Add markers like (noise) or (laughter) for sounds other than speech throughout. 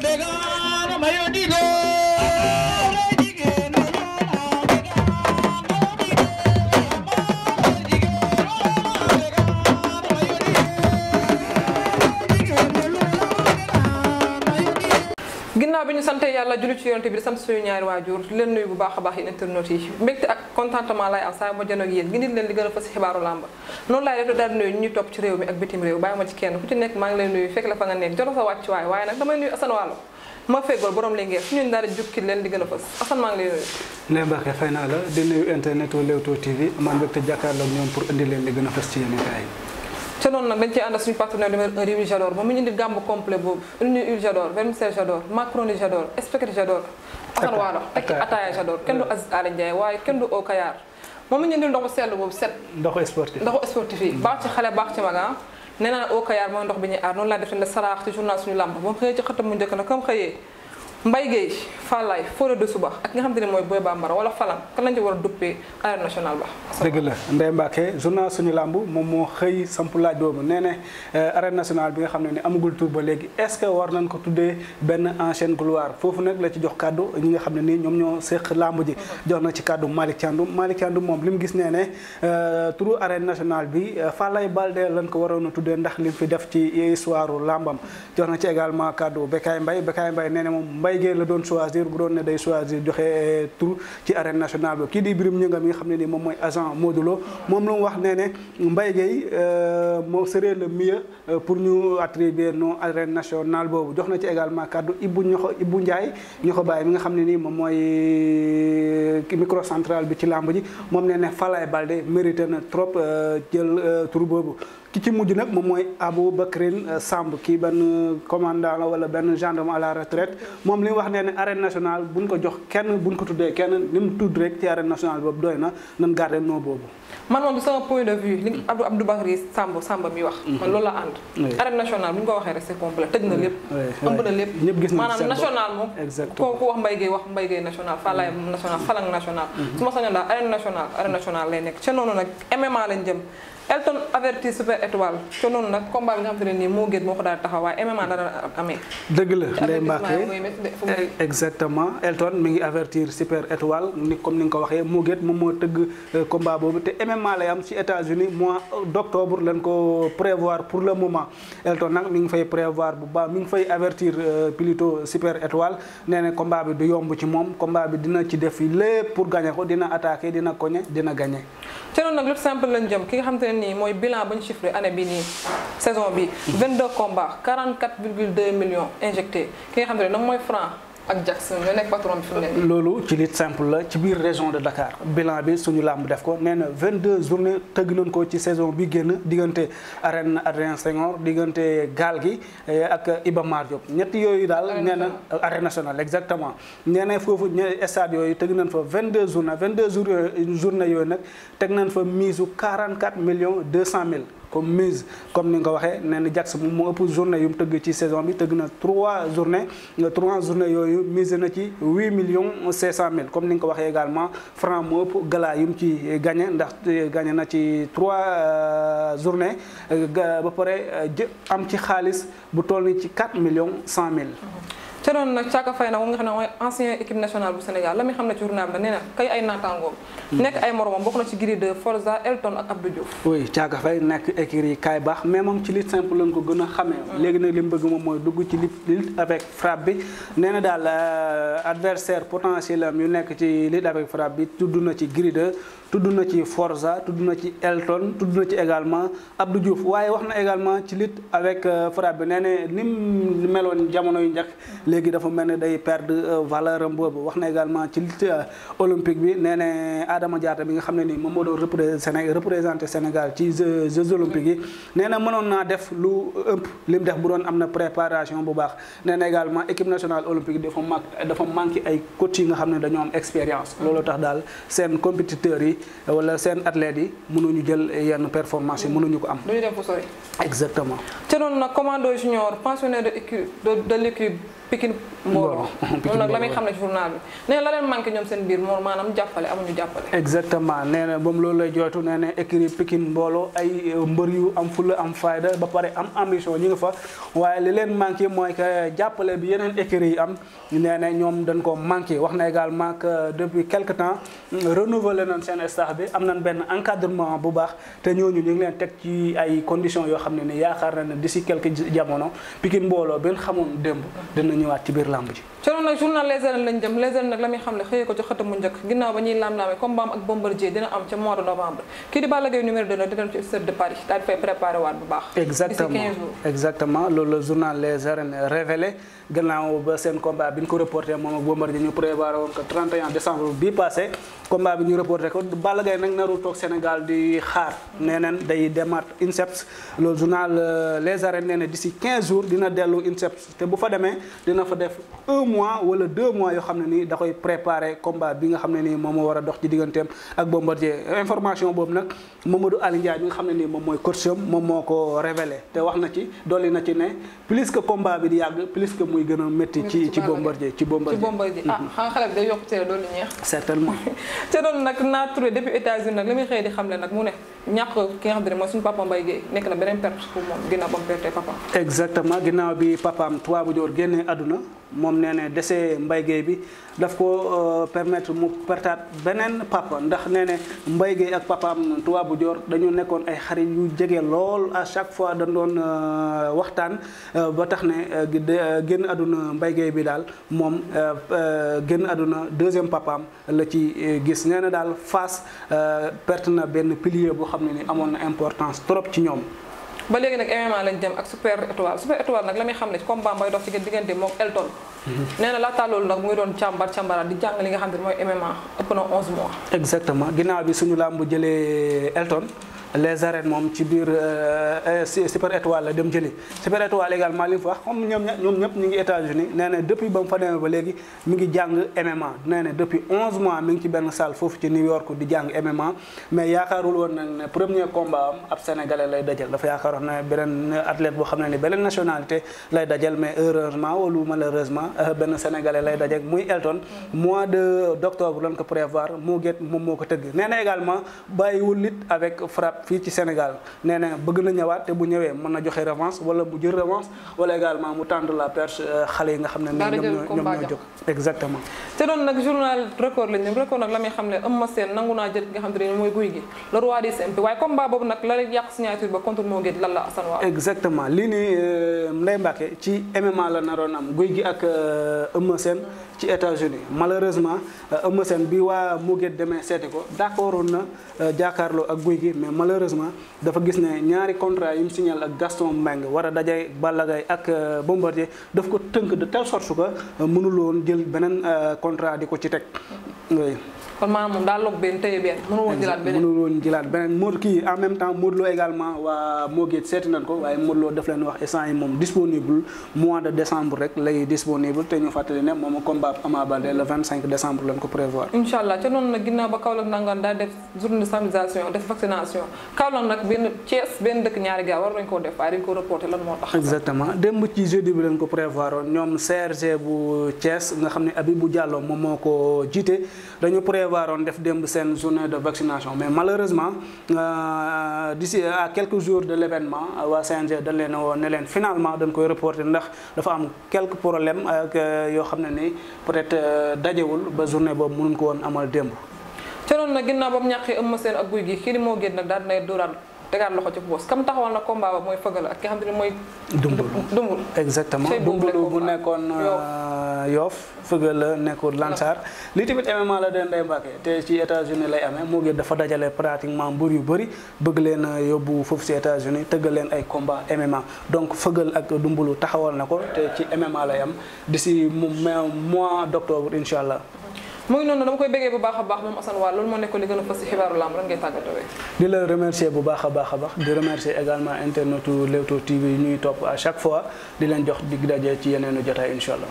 big on yàlla julli ci yonte bi di sant ñaari waajur leen nuyu bu baax a baax yéen internautes yi mbégte ak contentement lay am saa ma jënoog yéen a noonu laay daal nuyu ñu topp ci réew mi ak bitim réew bàyyi ma kenn ku ci nekk maa ngi lay nuyu fekk la fa nga nekk joto sa wàcc waaye nag damay nuyu Assane Waalo ma feggool borom léegi fu ñun daal jukki leen di gën a fës Assane maa ngi lay nuyu Ndeye Mbacke fay naa la di nuyu internet u TV amaan mbégte jàkkaarloo ñoom pour ca noonu nag dañ cee ànd ak suñu partenaire numéro 1 huile moom mi ñu indi gamme complet boobu ñu huile Jador vermicelle Jador macaroni Jador spaghetti Jador axar waalo tekki kenn du Aziz Aly Ndiaye waaye kenn du Okayaar moom mi ñu indi ndoxu sell boobu set ndoxu sportif ndoxu sportif yi baax ci xale baax ci magan ah. nee naa Okayaar mooy ndox bi ñuy aar noonu laa def ne saraax ci journal suñu làmb moom xëyee ci xëtam mu njëkk na comme xëyee Mbaye Guèye Fallaye Fodé Doussouba ak nga xam ne ne mooy Boy Bambara wala Falang kan lañ ci war a duppee arène nationale ba. dëgg la làmb moom moo xëy sampu laaj boobu nee ne euh, arène nationale bi nga xam ne ni amagul tur ba léegi est ce war nañ ko tuddee benn ancienne gloire foofu nag la ci jox kàddu ñi nga xam ne nii ñoom ñoo séq làmb ji. Mhm. jox na ci kàddu Malick Thiandoum Malick Thiandoum moom li mu gis nee ne euh, turu arène nationale bi euh, Fallaye Baldé lañ ko waroon a tuddee ndax li fi def ci histoire làmbam mhm. jox na ci également Mbaye Guèye la doon choisir bu doon ne day choisir joxe eh, tur ci arène nationale bi kii di Birame Ngingue mi nga xam ne ni moom mooy agent Modou moom lu mu wax nee ne Mbaye Guèye eh, moo serait le mieux eh, pour ñu attribuer non arène nationale boobu jox na ci également kaddu Ibou Ñoxo Ibou Ndiaye Ñoxo Baye mi nga xam ne nii moom mooy micro central bi ci làmb ji moom nee ne Falaye Balde mérité na trop jël tur boobu ki ci mujj nag moom mooy Abou Bakrin Samb kii benn commandant la wala benn gendarme à la retraite moom li wax nee ne arène nationale buñ ko jox kenn buñ ko tuddee kenn ni mu tudd rek ci arène nationale boobu doy na nan garder boobu. man moom du sama point de vue li wax. Mhm. man loolu la bu ñu ko waxee rek c'est complet tëj na lépp. ëmb na lépp ñëpp gis nañu maanaam national moom. exactement ku wax Mbaye Gueye wax Mbaye Gueye national Falaye national Falang national. Mhm. su ma sañoon daal arène nationale arène nationale lay nekk ca noonu nag MMA lañ jëm Elton averti super étoile ca la lay mbàkkee exactement Elton mi ngi avertir super étoile ni comme ni nga ko waxee moo moom moo tëgg euh, combat boobu te MMA lay am ci États-Unis mois doctobre octobre ko prévoir pour le moment Elton nag mi ngi fay prévoir bu baax mi ngi fay avertir euh, plutôt super étoile nee na combat bi du yomb ci moom combat bi dina ci def lépp pour gagner ko dina attaquer dina cogner dina gagner. ca nag lépp simple lañ jëm ki nga xam te ne nii mooy bilan ba ñu chiffré année bi nii saison bi 22 mm-hmm. combats 44,2 millions injectés ki nga xam ne nag mooy franc ak Jackson ñoo nekk patron bi loolu ci lit simple la ci biir région de Dakar bilan bi suñu làmb def ko nee vingt deux journée tëgg nañ ko ci saison bi génn diggante arène Adrien Senghor diggante gaal gi eh, ak Iba Mar Diop ñett yooyu daal nee na arène nationale exactement nee na foofu stade yooyu tëgg nañ fa 22 journée 22 jours euh, journée yooyu nag teg nañ fa mise u 44 millions 200 mille comme Muse comme ni nga ko waxee nee na Jax moom moo ëpp journée yu mu tëgg ci saison bi tëgg na 3 journée 3 journée yooyu mise na ci 8 millions 500 mille comme ni nga ko waxee également franc moo ëpp gala yu mu ci gagné ndax euh, gagné na ci 3 euh, journée euh, ba pare am ci xaalis bu toll ni ci 4 millions 100 mille. te noonu nag Thiaka Faye nag moom nga xam ne mooy ancien équipe nationale bu Sénégal la muy xam ne ci journal bi nee na kay ay naataangoom hmm. nekk ay moromam bokk na ci giri de Forza Elton ak Abdou Diouf oui Thiaka Faye nekk écurie kaay baax mais moom ci lutte simple lañ ko gën a xamee hmm. léegi nag li mu bëgg moom mooy dugg ci lutte avec frappe bi nee na daal euh, adversaire potentiel am yu nekk ci lutte avec frappe bi tudd na ci giri tudd na ci Forza tudd na ci Elton tudd na ci également Abdou Diouf waaye wax na également ci lutte avec euh, Fra bi nee ne ni mu meloon jamono yu njëkk léegi dafa mel ne day perdre euh, valeur am boobu wax na également ci lutte euh, olympique bi nee ne Adama Diatta bi nga xam ne nii moom moo doon représenté Sénégal représenté Sénégal ci jeux jeux yi nee na mënoon naa def lu ëpp li mu def bu doon am na préparation bu baax nee na également équipe nationale olympique dafa manqué dafa manqué ay coach yi nga xam ne dañoo am expérience loolu tax daal seen compétiteurs yi. yi wala seen athlètes yi mënuñu jël yenn performance yi mënuñu ko am. duñu dem fu sori. exactement. ca noonu nag commando junior pensionnaire de de de l'équipe pikin mbooloo (laughs) loolu nag la muy xam ne ci journal bi nee la leen manqué ñoom seen biir moom maanaam jàppale amuñu jàppale exactement nee na moom loolu lay jooytu nee na écrit pikin mbooloo ay euh, mbër yu am fulla am fayda ba pare am ambition ñu ngi fa waaye li leen manqué mooy que jàppale bi yeneen écrit yi am nee na ñoom dañ ko manqué wax na également que euh, depuis quelque temps euh, renouvelé nañ seen staff bi am nañ benn encadrement bu baax te ñooñu ñu ngi leen teg ci ay conditions yoo xam ne ni yaakaar na ne d'ici quelques jamono pikin mbooloo benn xamoon démb ñëwaat ci biir làmb ji ci noonu nag journal Les Arènes lañ jëm Les Arènes nag la muy xamle xëyee ko ci xëtam mu njëkk ginnaaw ba ñuy laam-laamee combat am ak Bombardier dina am ca mois de novembre kii di Balla Gaye numéro 2 nag dina ci stade de Paris daal di fay préparé waat bu baax exactement exactement loolu la journal Les Arènes révélé gannaaw ba seen combat bi ñu ko reporté moom ak Bombardier ñu préparé woon ko 31 décembre bi passé combat bi ñu reporté ko Balla Gaye nag naru toog Sénégal di xaar nee neen day demaat INSEPS loolu journal euh, Les Arènes nee na d'ici 15 jours dina dellu INSEPS te bu fa demee dina fa def un mois wala deux mois yoo xam ne nii da koy préparer combat bi nga xam ne nii moom moo war a dox ci digganteem ak Bombardier information boobu nag Mamadou Aly Ndiaye bi nga xam ne nii moom mooy coach moom moo ko révélé te wax na ci dolli na ci ne plus que combat bi di yàgg plus que muy gën a métti ci ci Bombardier ci Bombardier ah mm-hmm. xam nga xale bi day yokk cere doolu ñeex certainement te (laughs) doon nag naa turé depuis États-Unis nag li muy di xam le nag mu ne ñàkk ki nga xam ne mooy suñu papa Mbaye Guèye nekk na beneen perte pour moom ginnaaw ba mu perte papaam. exactement ginnaaw bi papaam tubaab bu jóor génnee àdduna. moom nee ne dese Mbaye bi daf ko euh, permettre mu pertaat beneen papa ndax nee ne Mbaye Guèye ak papaam tubaabu bu Dior dañu nekkoon ay xarit yu jege lool à chaque fois dañ doon euh, waxtaan euh, ba tax ne génn àdduna Mbaye Guèye bi daal moom génn àdduna deuxième papaam la ci gis nee na daal Fass perte na benn pilier boo xam ne ni amoon na importance trop ci ñoom ba léegi nag MMA lañ dem ak super étoile super étoile nag la muy xam ne combat mbay dox ci diggante moom Elton mhm. nee na laataa loolu nag mooy doon càmbar càmbaraat di jàng li nga xam ne mooy MMA ëpp na 11 mois exactement ginnaaw bi suñu làmb jëlee Elton les arènes moom ci biir euh, euh, super étoile la dem jëli super étoile également li fa wax comme ñu ngi États-Unis nee depuis ba mu fa demee ba léegi mi ngi jàng MMA nee ngi foofu ci New York di jàng MMA mais yaakaarul woon nañ ne premier combat am ab sénégalais lay dajal dafa yaakaaroon ne beneen athlète boo xam ne ni beneen nationalité lay dajal mais heureusement wala malheureusement euh, benn sénégalais lay dajal muy Elton mois de d'octobre lañ ko prévoir moo gét moo ko tëgg nee également bàyyiwul fii ci Sénégal nee bëgg na ñëwaat te bu ñëwee mën na joxe revanche wala mu jël revanche wala également mu tendre la perche euh, xale yi nga xam ne. ñoom ñoom ñoo jóg exactement. te doon boobu nag la yàq signature ba contre moo ngi lan la Assane waaw. exactement lii nii euh, Ndeye Mbacke ci MMA la naroon am guy gi ak euh, Eumeu Sène ci États-Unis malheureusement Eumeu Sène bi waa Moget demee seeti ko d'accord na jàkkaarloo ak guy gi mais malheureusement dafa gis ne ñaari contrat yu mu ak Gaston Mbengue war a daje Balla Gaye ak euh, Bombardier daf ko tënk de telle sorte que euh, mënul jël beneen euh, contrat di ko ci teg. kon maanaam moom daa log benn téye benn mënul woon jëlaat beneen mënul woon jëlaat beneen Modou kii en même temps Modou Lo également waa Moogate seeti nañ ko waaye Modou Lo daf leen wax instant yi moom disponible mois de décembre rek lay disponible te ñu fàttali ne moom combat Ama Baldé le 25 décembre lañ ko prévoir. incha allah ca noonu nag ginnaaw ba Kaolack nangaan daa def journée de sensibilisation def vaccination Kaolack nag benn Thiès benn dëkk ñaari gaa war nañ koo def waaye dañ ko reporté lan moo tax. exactement démb ci jeudi bi lañ ko prévoir ñoom CRG bu Thiès nga xam ne Abibou Diallo moom moo ko jiite dañu prévoir prévoir on def démb seen journée de vaccination mais malheureusement euh, euh, d'ici à quelques jours de l'événement euh, waa CNG dañ leen finalement dañ koy reporter ndax dafa am quelques problèmes yoo xam ne ni peut-être dajewul ba journée boobu mënuñ ko woon amal démb. ca noonu nag ba mu ñàkkee ëmm seen ak guy gi kii di moo génn daal di nay dóoraat. tegaat loxo ci poos kam taxawal na combat ba mooy fëgal ak ki xam ne mooy. dumbul dumbul exactement dumbulu bu nekkoon yoof euh, fëgal la nekkoon Lansar li tamit MMA la doon day mbàkke te ci États-Unis lay amee moo ngi dafa dajale pratiquement mbër yu bëri bëgg leen a yóbbu foofu si États-Unis tëggal leen ay combat MMA donc fëgal ak dumbulu taxawal na ko te ci MMA lay am d'ici mois d'octobre incha allah. moo ngi noonu dama koy béggee bu baax a baax moom Assane Wall loolu moo nekkoon li gën a fës xibaaru lamb lan ngay tàggatoo di la remercier bu baax a baax a baax di remercier également internetu Leewtoo TV yi ñuy topp à chaque fois di leen jox digg daje ci yeneenu jotaay incha allah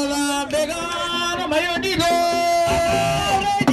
बेगान भयो डिगो